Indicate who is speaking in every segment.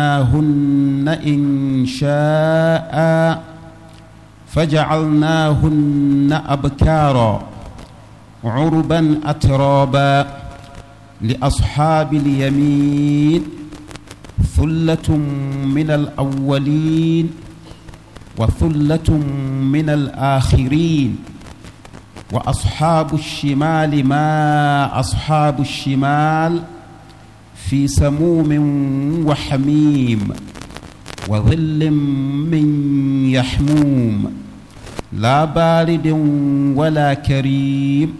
Speaker 1: فجعلناهن إن شاء فجعلناهن أبكارا عربا أترابا لأصحاب اليمين ثلة من الأولين وثلة من الآخرين وأصحاب الشمال ما أصحاب الشمال ؟ في سموم وحميم وظل من يحموم لا بارد ولا كريم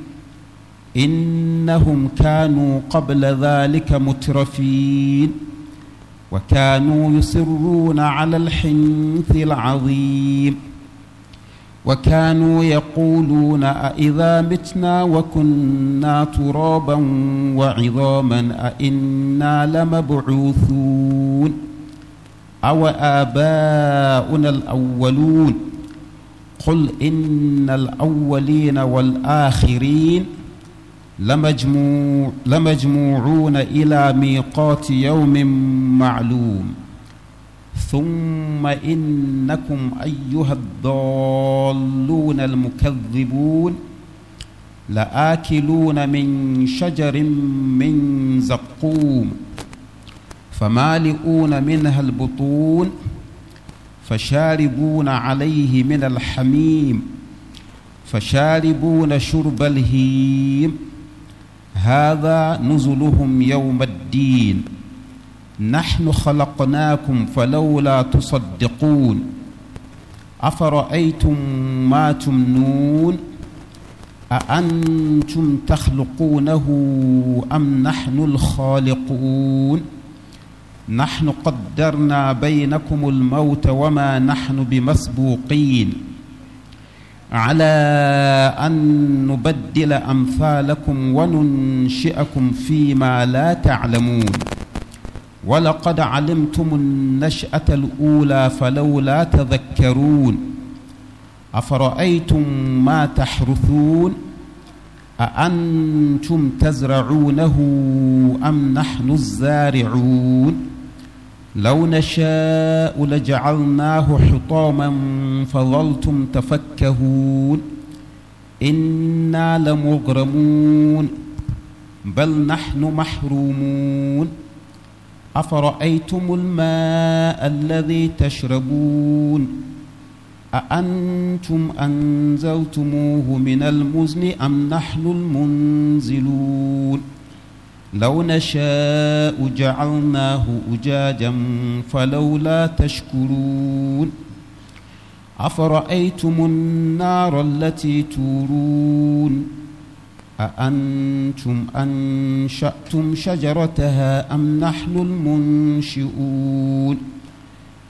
Speaker 1: إنهم كانوا قبل ذلك مترفين وكانوا يصرون على الحنث العظيم وكانوا يقولون أئذا متنا وكنا ترابا وعظاما أئنا لمبعوثون أو آباؤنا الأولون قل إن الأولين والآخرين لمجموع لمجموعون إلى ميقات يوم معلوم ثم إنكم أيها الضالون المكذبون لآكلون من شجر من زقوم فمالئون منها البطون فشاربون عليه من الحميم فشاربون شرب الهيم هذا نزلهم يوم الدين نحن خلقناكم فلولا تصدقون أفرأيتم ما تمنون أأنتم تخلقونه أم نحن الخالقون نحن قدرنا بينكم الموت وما نحن بمسبوقين على أن نبدل أمثالكم وننشئكم فيما لا تعلمون ولقد علمتم النشأة الأولى فلولا تذكرون أفرأيتم ما تحرثون أأنتم تزرعونه أم نحن الزارعون لو نشاء لجعلناه حطاما فظلتم تفكهون إنا لمغرمون بل نحن محرومون أفرأيتم الماء الذي تشربون أأنتم أنزلتموه من المزن أم نحن المنزلون لو نشاء جعلناه أجاجا فلولا تشكرون أفرأيتم النار التي تورون أأنتم أنشأتم شجرتها أم نحن المنشئون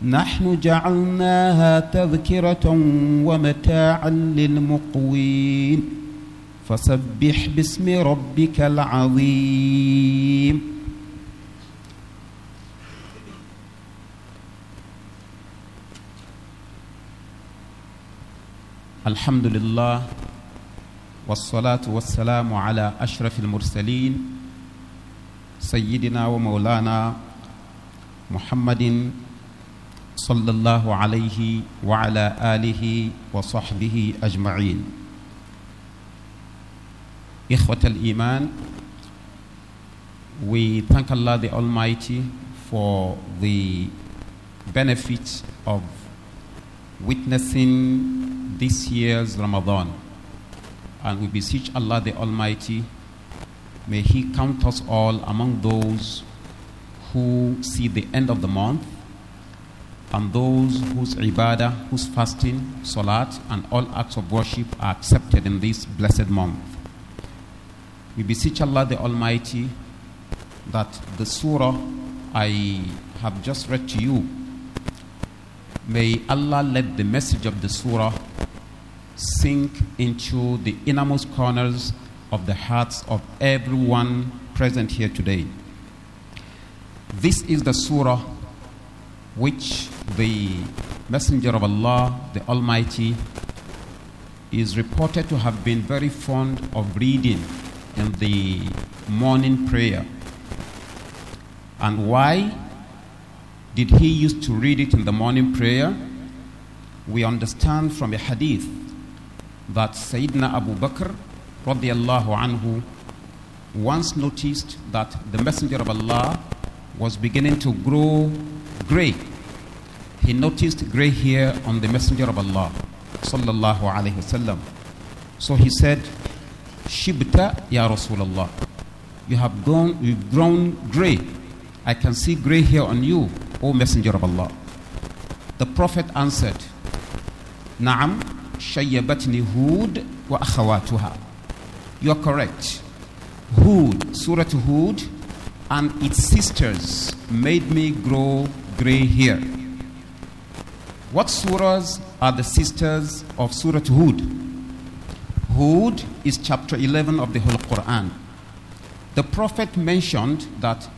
Speaker 1: نحن جعلناها تذكرة ومتاعا للمقوين فسبح باسم ربك العظيم الحمد لله والصلاة والسلام على أشرف المرسلين سيدنا ومولانا محمد صلى الله عليه وعلى آله وصحبه أجمعين إخوة الإيمان We thank Allah the Almighty for the benefit of witnessing this year's Ramadan. And we beseech Allah the Almighty, may He count us all among those who see the end of the month and those whose ibadah, whose fasting, salat, and all acts of worship are accepted in this blessed month. We beseech Allah the Almighty that the surah I have just read to you, may Allah let the message of the surah sink into the innermost corners of the hearts of everyone present here today. This is the surah which the Messenger of Allah, the Almighty, is reported to have been very fond of reading in the morning prayer. And why did he used to read it in the morning prayer? We understand from a hadith that Sayyidina Abu Bakr radiallahu anhu once noticed that the Messenger of Allah was beginning to grow grey. He noticed grey hair on the Messenger of Allah sallallahu alayhi wasallam. So he said, Shibta ya Rasulullah. You have grown, you've grown grey. I can see grey hair on you, O Messenger of Allah. The Prophet answered, Naam, Shayyabatni Hud wa akhawatuha. You are correct. Hud, Surah Hud, and its sisters made me grow gray hair. What surahs are the sisters of Surah Hud? Hud is chapter 11 of the whole Quran. The Prophet mentioned that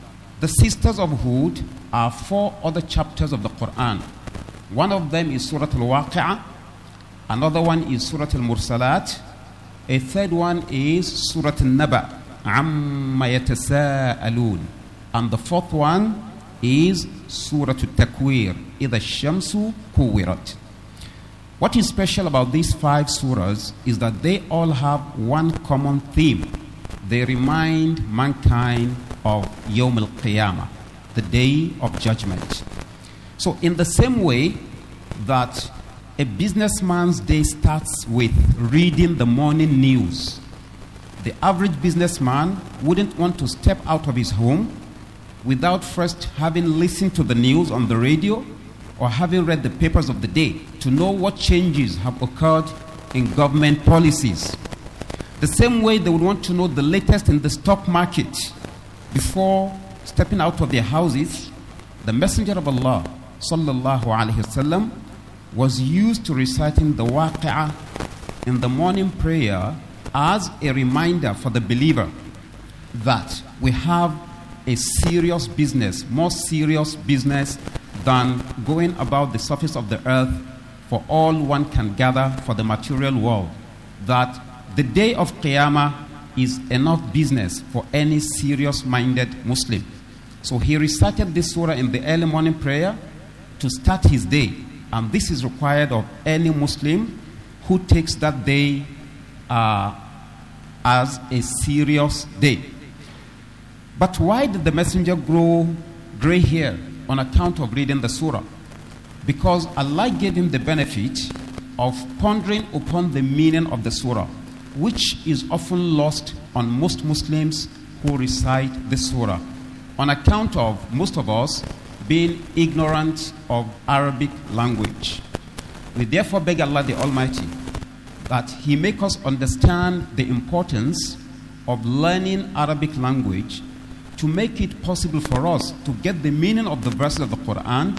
Speaker 1: the sisters of Hud are four other chapters of the Quran. One of them is Surah Al Waqi'ah, Another one is Surah Al Mursalat. A third one is Surah Al Naba, Amma And the fourth one is Surah Al Takwir, Ida Shamsu Kuwirat. What is special about these five surahs is that they all have one common theme. They remind mankind of Yom al Qiyamah, the day of judgment. So, in the same way that a businessman's day starts with reading the morning news. The average businessman wouldn't want to step out of his home without first having listened to the news on the radio or having read the papers of the day to know what changes have occurred in government policies. The same way they would want to know the latest in the stock market before stepping out of their houses, the Messenger of Allah sallallahu alaihi wasallam was used to reciting the waqi'ah in the morning prayer as a reminder for the believer that we have a serious business, more serious business than going about the surface of the earth for all one can gather for the material world. That the day of Qiyamah is enough business for any serious minded Muslim. So he recited this surah in the early morning prayer to start his day and this is required of any Muslim who takes that day uh, as a serious day. But why did the messenger grow gray hair? On account of reading the surah. Because Allah gave him the benefit of pondering upon the meaning of the surah, which is often lost on most Muslims who recite the surah. On account of most of us being ignorant of Arabic language. We therefore beg Allah the Almighty that He make us understand the importance of learning Arabic language to make it possible for us to get the meaning of the verses of the Quran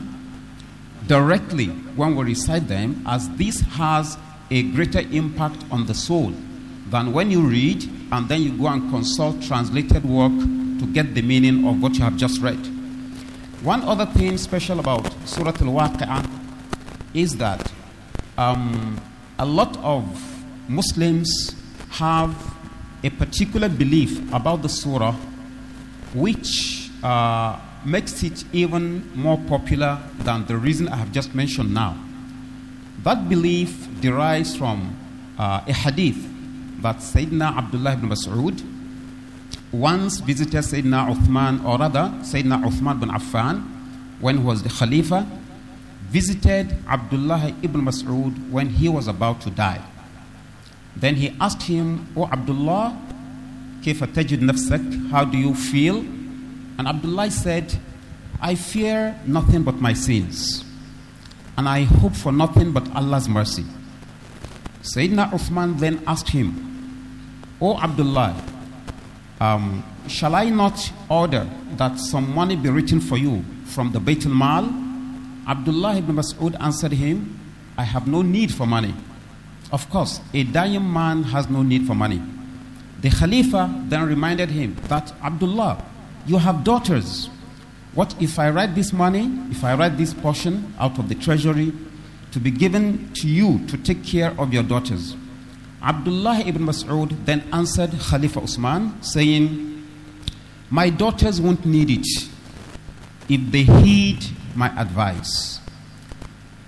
Speaker 1: directly when we recite them, as this has a greater impact on the soul than when you read and then you go and consult translated work to get the meaning of what you have just read. One other thing special about Surah Al Waqi'ah is that um, a lot of Muslims have a particular belief about the surah which uh, makes it even more popular than the reason I have just mentioned now. That belief derives from uh, a hadith that Sayyidina Abdullah ibn Mas'ud once visited Sayyidina Uthman, or rather, Sayyidina Uthman bin Affan, when he was the Khalifa, visited Abdullah ibn Mas'ud when he was about to die. Then he asked him, O oh Abdullah, كيف تجد nafsak? How do you feel? And Abdullah said, I fear nothing but my sins, and I hope for nothing but Allah's mercy. Sayyidina Uthman then asked him, O oh Abdullah, um, Shall I not order that some money be written for you from the Baitul Mal? Abdullah ibn Mas'ud answered him, I have no need for money. Of course, a dying man has no need for money. The Khalifa then reminded him that, Abdullah, you have daughters. What if I write this money, if I write this portion out of the treasury to be given to you to take care of your daughters? Abdullah ibn Mas'ud then answered Khalifa Usman, saying, My daughters won't need it if they heed my advice.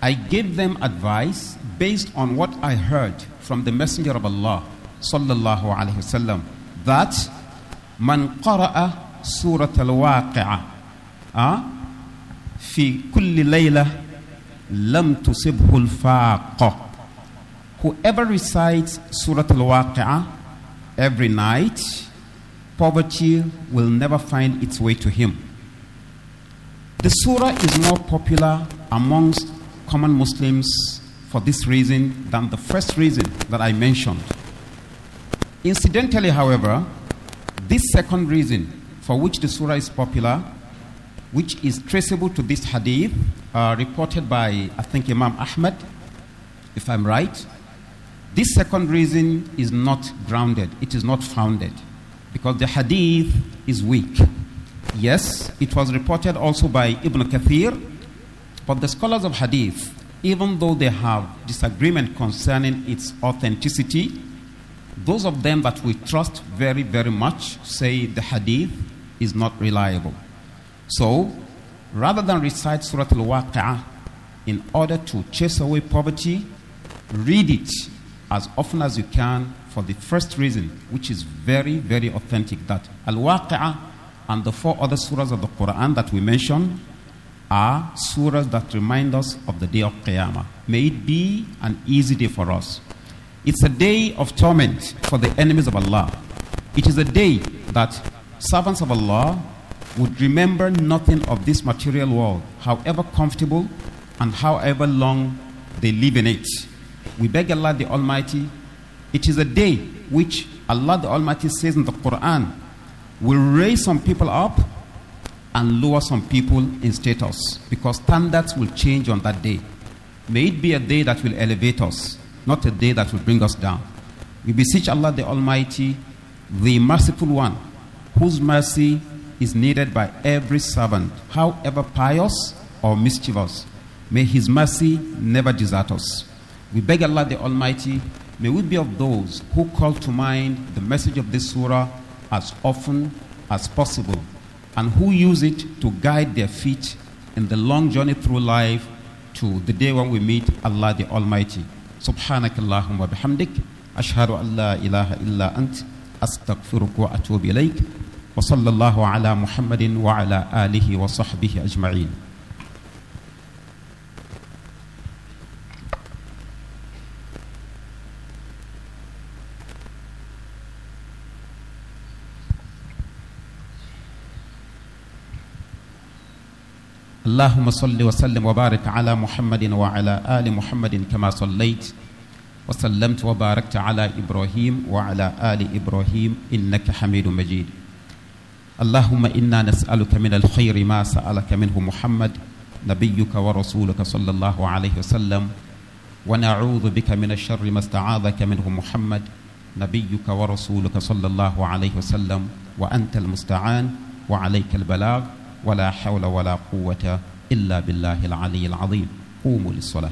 Speaker 1: I gave them advice based on what I heard from the Messenger of Allah, sallallahu alaihi wasallam, that man qara'a surah al-waqi'a ah, fi kulli layla lam tusibhu al-faqa Whoever recites Surah Al Waqi'ah every night, poverty will never find its way to him. The surah is more popular amongst common Muslims for this reason than the first reason that I mentioned. Incidentally, however, this second reason for which the surah is popular, which is traceable to this hadith uh, reported by, I think, Imam Ahmad, if I'm right, this second reason is not grounded, it is not founded, because the hadith is weak. Yes, it was reported also by Ibn Kathir, but the scholars of hadith, even though they have disagreement concerning its authenticity, those of them that we trust very, very much say the hadith is not reliable. So, rather than recite Surah Al Waqi'ah in order to chase away poverty, read it as often as you can for the first reason, which is very, very authentic that Al Waqi'ah and the four other surahs of the Quran that we mentioned are surahs that remind us of the day of Qiyamah. May it be an easy day for us. It's a day of torment for the enemies of Allah. It is a day that servants of Allah would remember nothing of this material world, however comfortable and however long they live in it. We beg Allah the Almighty, it is a day which Allah the Almighty says in the Quran will raise some people up and lower some people in status because standards will change on that day. May it be a day that will elevate us, not a day that will bring us down. We beseech Allah the Almighty, the merciful one, whose mercy is needed by every servant, however pious or mischievous. May his mercy never desert us. We beg Allah the Almighty, may we be of those who call to mind the message of this surah as often as possible and who use it to guide their feet in the long journey through life to the day when we meet Allah the Almighty. سبحانك اللهم وبحمدك أشهد أن لا إله إلا أنت أستغفرك وأتوب إليك وصلى الله على محمد وعلى آله وصحبه أجمعين اللهم صل وسلم وبارك على محمد وعلى آل محمد كما صليت وسلمت وباركت على إبراهيم وعلى آل إبراهيم إنك حميد مجيد اللهم إنا نسألك من الخير ما سألك منه محمد نبيك ورسولك صلى الله عليه وسلم ونعوذ بك من الشر ما استعاذك منه محمد نبيك ورسولك صلى الله عليه وسلم وأنت المستعان وعليك البلاغ ولا حول ولا قوة إلا بالله العلي العظيم قوموا للصلاة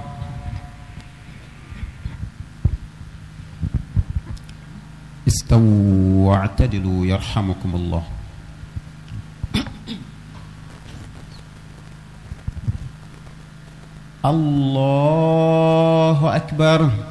Speaker 1: استووا واعتدلوا يرحمكم الله الله أكبر الله أكبر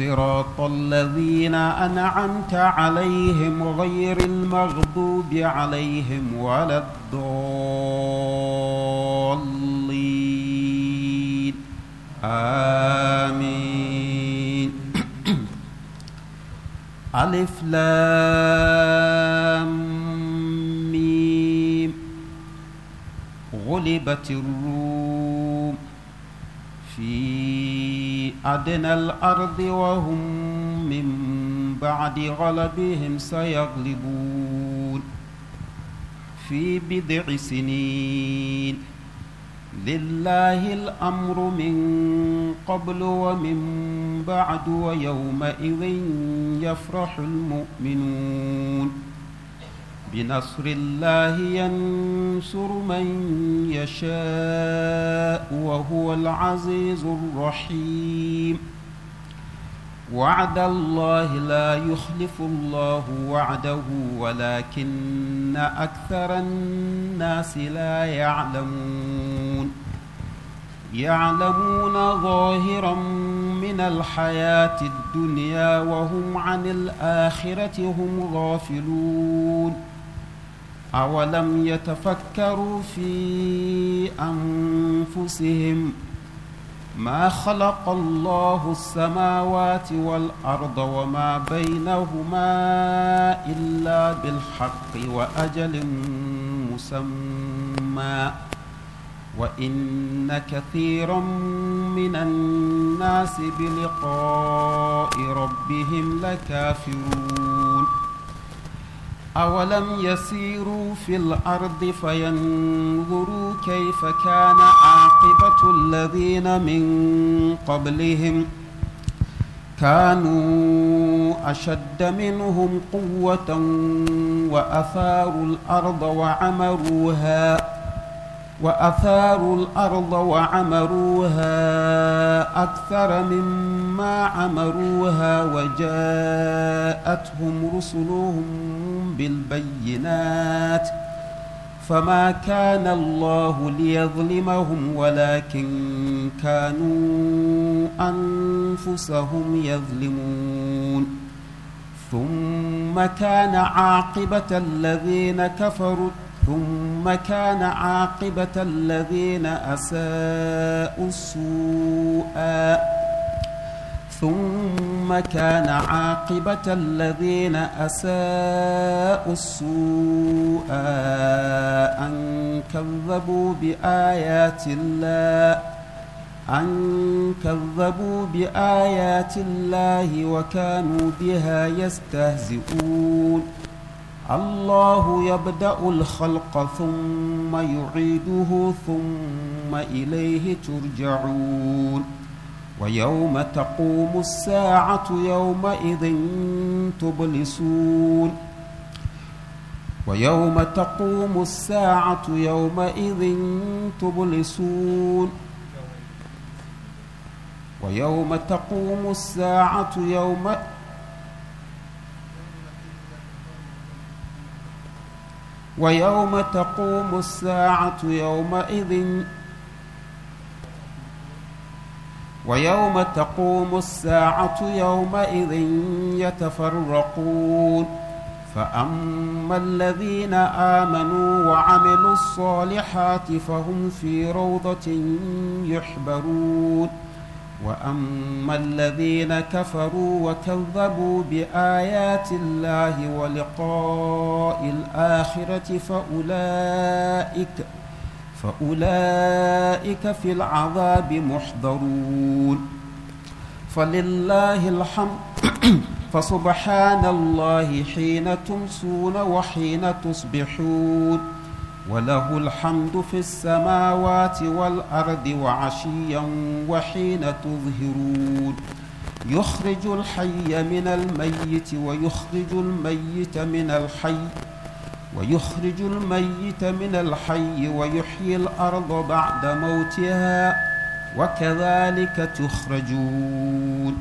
Speaker 1: صراط الذين أنعمت عليهم غير المغضوب عليهم ولا الضالين آمين ألف لام ميم غلبت الروم أدنى الأرض وهم من بعد غلبهم سيغلبون في بضع سنين لله الأمر من قبل ومن بعد ويومئذ يفرح المؤمنون بنصر الله ينصر من يشاء وهو العزيز الرحيم وعد الله لا يخلف الله وعده ولكن أكثر الناس لا يعلمون يعلمون ظاهرا من الحياة الدنيا وهم عن الآخرة هم غافلون أولم يتفكروا في أنفسهم ما خلق الله السماوات والأرض وما بينهما إلا بالحق وأجل مسمى وإن كثيرا من الناس بلقاء ربهم لكافرون أولم يسيروا في الأرض فينظروا كيف كان عاقبة الذين من قبلهم كانوا أشد منهم قوة وأثاروا الأرض وعمروها وأثاروا الأرض وعمروها أكثر مما عمروها وجاءتهم رسلهم بالبينات فما كان الله ليظلمهم ولكن كانوا أنفسهم يظلمون ثم كان عاقبة الذين كفروا ثم كان عاقبة الذين أساءوا السوء ثم كان عاقبة الذين أساءوا السوء أن كذبوا بآيات الله أن كذبوا بآيات الله وكانوا بها يستهزئون الله يبدأ الخلق ثم يعيده ثم إليه ترجعون ويوم تقوم الساعة يومئذ تبلسون ويوم تقوم الساعة يومئذ تبلسون ويوم تقوم الساعة يومئذ ويوم تقوم الساعة يومئذ ويوم تقوم الساعة يومئذ يتفرقون فأما الذين آمنوا وعملوا الصالحات فهم في روضة يحبرون واما الذين كفروا وكذبوا بايات الله ولقاء الاخره فاولئك فاولئك في العذاب محضرون فلله الحمد فسبحان الله حين تمسون وحين تصبحون وله الحمد في السماوات والأرض وعشيا وحين تظهرون يخرج الحي من الميت ويخرج الميت من الحي ويخرج الميت من الحي ويحيي الأرض بعد موتها وكذلك تخرجون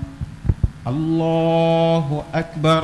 Speaker 1: الله أكبر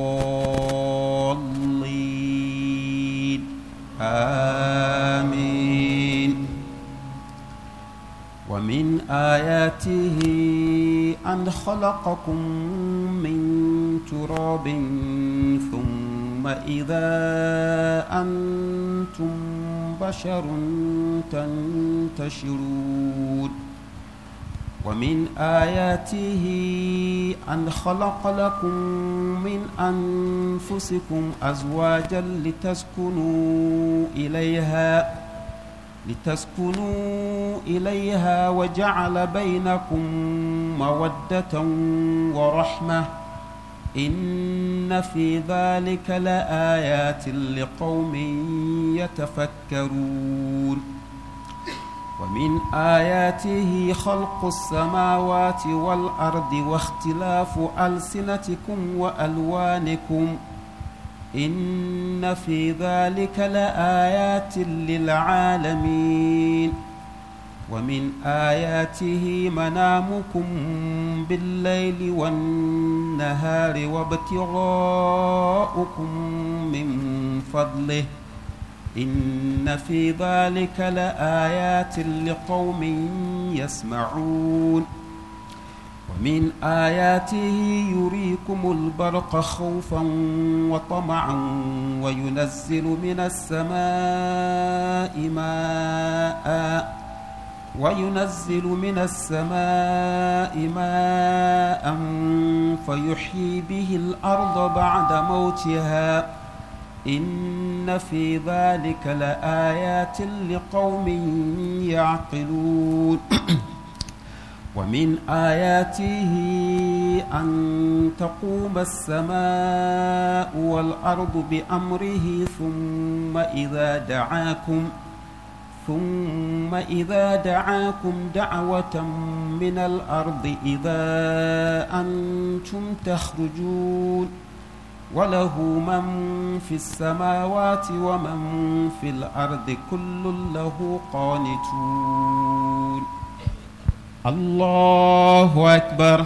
Speaker 1: آمين ومن آياته أن خلقكم من تراب ثم إذا أنتم بشر تنتشرون ومن آياته أن خلق لكم من أنفسكم أزواجا لتسكنوا إليها لتسكنوا إليها وجعل بينكم مودة ورحمة إن في ذلك لآيات لقوم يتفكرون ومن آياته خلق السماوات والأرض واختلاف ألسنتكم وألوانكم إن في ذلك لآيات للعالمين ومن آياته منامكم بالليل والنهار وابتغاؤكم من فضله ۖ إن في ذلك لآيات لقوم يسمعون ومن آياته يريكم البرق خوفا وطمعا وينزل من السماء ماء وينزل من السماء ماء فيحيي به الأرض بعد موتها إن في ذلك لآيات لقوم يعقلون ومن آياته أن تقوم السماء والأرض بأمره ثم إذا دعاكم ثم إذا دعاكم دعوة من الأرض إذا أنتم تخرجون وله من في السماوات ومن في الأرض كل له قانتون الله أكبر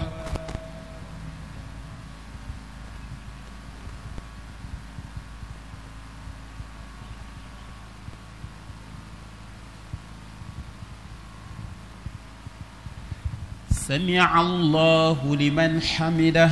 Speaker 1: سمع الله لمن حمده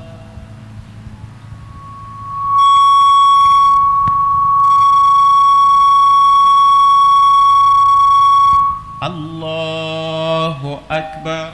Speaker 1: الله أكبر